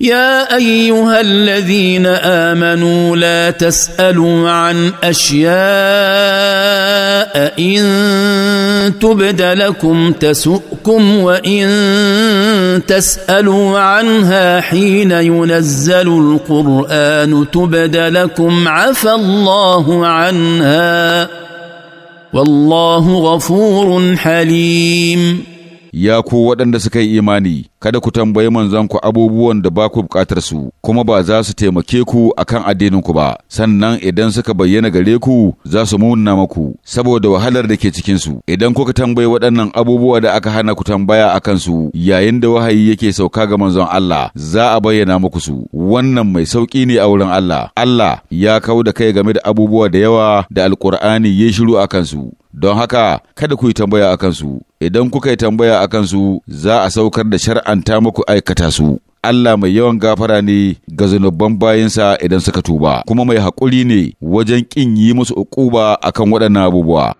يا ايها الذين امنوا لا تسالوا عن اشياء ان تبد لكم تسؤكم وان تسالوا عنها حين ينزل القران تبد لكم عفى الله عنها والله غفور حليم يا قوه ودن ايماني kada ku tambayi ku abubuwan da ba ku bukatar su kuma ba za su taimake ku akan addinin ku ba sannan idan suka bayyana gare ku za su munna maku saboda wahalar da ke cikin su idan kuka tambayi waɗannan abubuwa da aka hana ku tambaya akan su yayin da wahayi yake sauka ga manzon Allah za a bayyana muku su wannan mai sauki ne a wurin Allah Allah ya kau da kai game da abubuwa da yawa da alkur'ani ya shiru akan su don haka kada ku yi tambaya akan su idan kuka yi tambaya akan su za a saukar da shar'a la'anta muku aikata su. Allah mai yawan gafara ne ga zunuban bayansa idan suka tuba, kuma mai haƙuri ne wajen ƙin yi musu uƙuba akan waɗannan abubuwa.